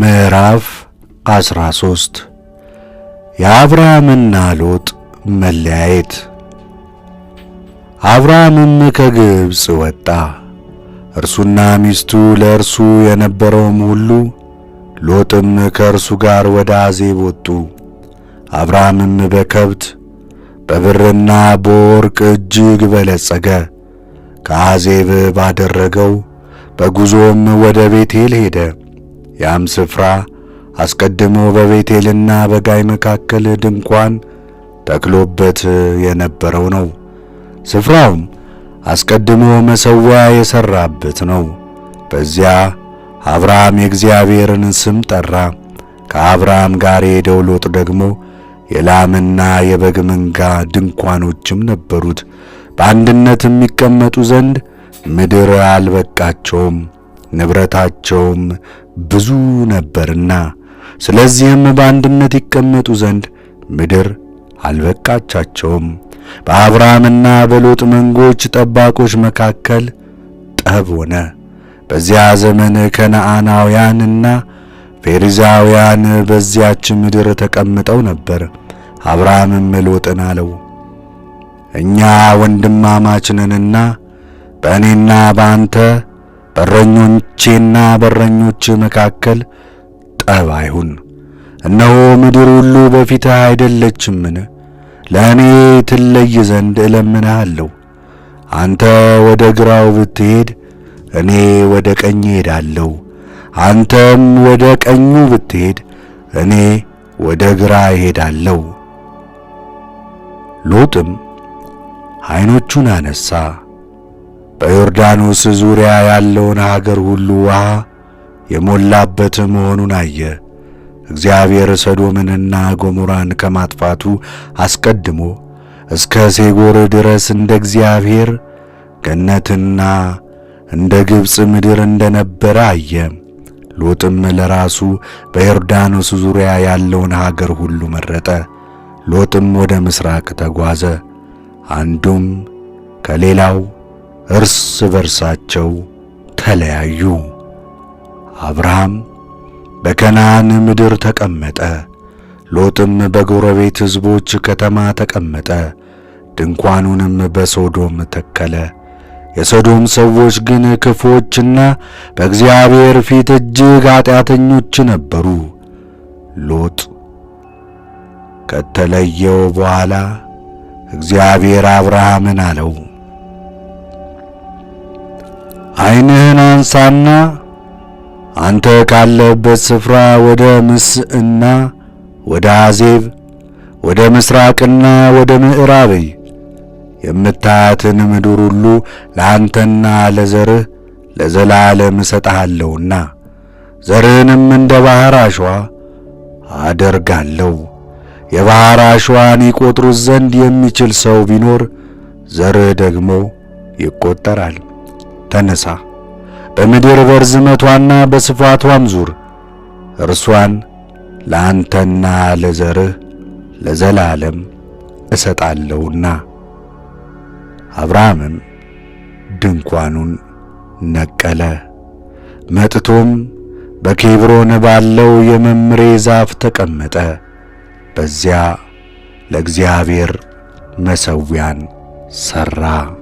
ምዕራፍ 13 የአብርሃምና ሎጥ መለያየት። አብርሃምም ከግብፅ ወጣ፣ እርሱና ሚስቱ ለእርሱ የነበረውም ሁሉ። ሎጥም ከእርሱ ጋር ወደ አዜብ ወጡ። አብርሃምም በከብት በብርና በወርቅ እጅግ በለጸገ። ከአዜብ ባደረገው በጉዞም ወደ ቤቴል ሄደ። ያም ስፍራ አስቀድሞ በቤቴልና በጋይ መካከል ድንኳን ተክሎበት የነበረው ነው። ስፍራውም አስቀድሞ መሠዊያ የሠራበት ነው። በዚያ አብርሃም የእግዚአብሔርን ስም ጠራ። ከአብርሃም ጋር የሄደው ሎጥ ደግሞ የላምና የበግ መንጋ ድንኳኖችም ነበሩት። በአንድነት የሚቀመጡ ዘንድ ምድር አልበቃቸውም። ንብረታቸውም ብዙ ነበርና፣ ስለዚህም በአንድነት ይቀመጡ ዘንድ ምድር አልበቃቻቸውም። በአብርሃምና በሎጥ መንጎች ጠባቆች መካከል ጠብ ሆነ። በዚያ ዘመን ከነዓናውያንና ፌሪዛውያን በዚያች ምድር ተቀምጠው ነበር። አብርሃምም ሎጥን አለው፣ እኛ ወንድማማች ነንና በእኔና በአንተ በረኞችና በረኞች መካከል ጠብ አይሁን። እነሆ ምድር ሁሉ በፊትህ አይደለችምን? ለእኔ ትለይ ዘንድ እለምንሃለሁ። አንተ ወደ ግራው ብትሄድ እኔ ወደ ቀኝ እሄዳለሁ፣ አንተም ወደ ቀኙ ብትሄድ እኔ ወደ ግራ እሄዳለሁ። ሎጥም ዓይኖቹን አነሣ በዮርዳኖስ ዙሪያ ያለውን ሀገር ሁሉ ውሃ የሞላበት መሆኑን አየ። እግዚአብሔር ሰዶምንና ገሞራን ከማጥፋቱ አስቀድሞ እስከ ሴጎር ድረስ እንደ እግዚአብሔር ገነትና እንደ ግብፅ ምድር እንደነበረ አየ። ሎጥም ለራሱ በዮርዳኖስ ዙሪያ ያለውን ሀገር ሁሉ መረጠ። ሎጥም ወደ ምስራቅ ተጓዘ፣ አንዱም ከሌላው እርስ በርሳቸው ተለያዩ። አብርሃም በከነዓን ምድር ተቀመጠ። ሎጥም በጎረቤት ሕዝቦች ከተማ ተቀመጠ፣ ድንኳኑንም በሶዶም ተከለ። የሶዶም ሰዎች ግን ክፉዎችና በእግዚአብሔር ፊት እጅግ ኀጢአተኞች ነበሩ። ሎጥ ከተለየው በኋላ እግዚአብሔር አብርሃምን አለው ዓይንህን አንሳና አንተ ካለህበት ስፍራ ወደ ምስእና ወደ አዜብ ወደ ምስራቅና ወደ ምዕራብይ የምታያትን ምድር ሁሉ ለአንተና ለዘርህ ለዘላለም እሰጥሃለሁና ዘርህንም እንደ ባሕር አሸዋ አደርጋለሁ። የባሕር አሸዋን ይቈጥሩት ዘንድ የሚችል ሰው ቢኖር ዘርህ ደግሞ ይቈጠራል። ተነሳ፣ በምድር በርዝመቷና በስፋቷም ዙር እርሷን ለአንተና ለዘርህ ለዘላለም እሰጣለሁና። አብርሃምም ድንኳኑን ነቀለ፣ መጥቶም በኬብሮን ባለው የመምሬ ዛፍ ተቀመጠ። በዚያ ለእግዚአብሔር መሠዊያን ሠራ።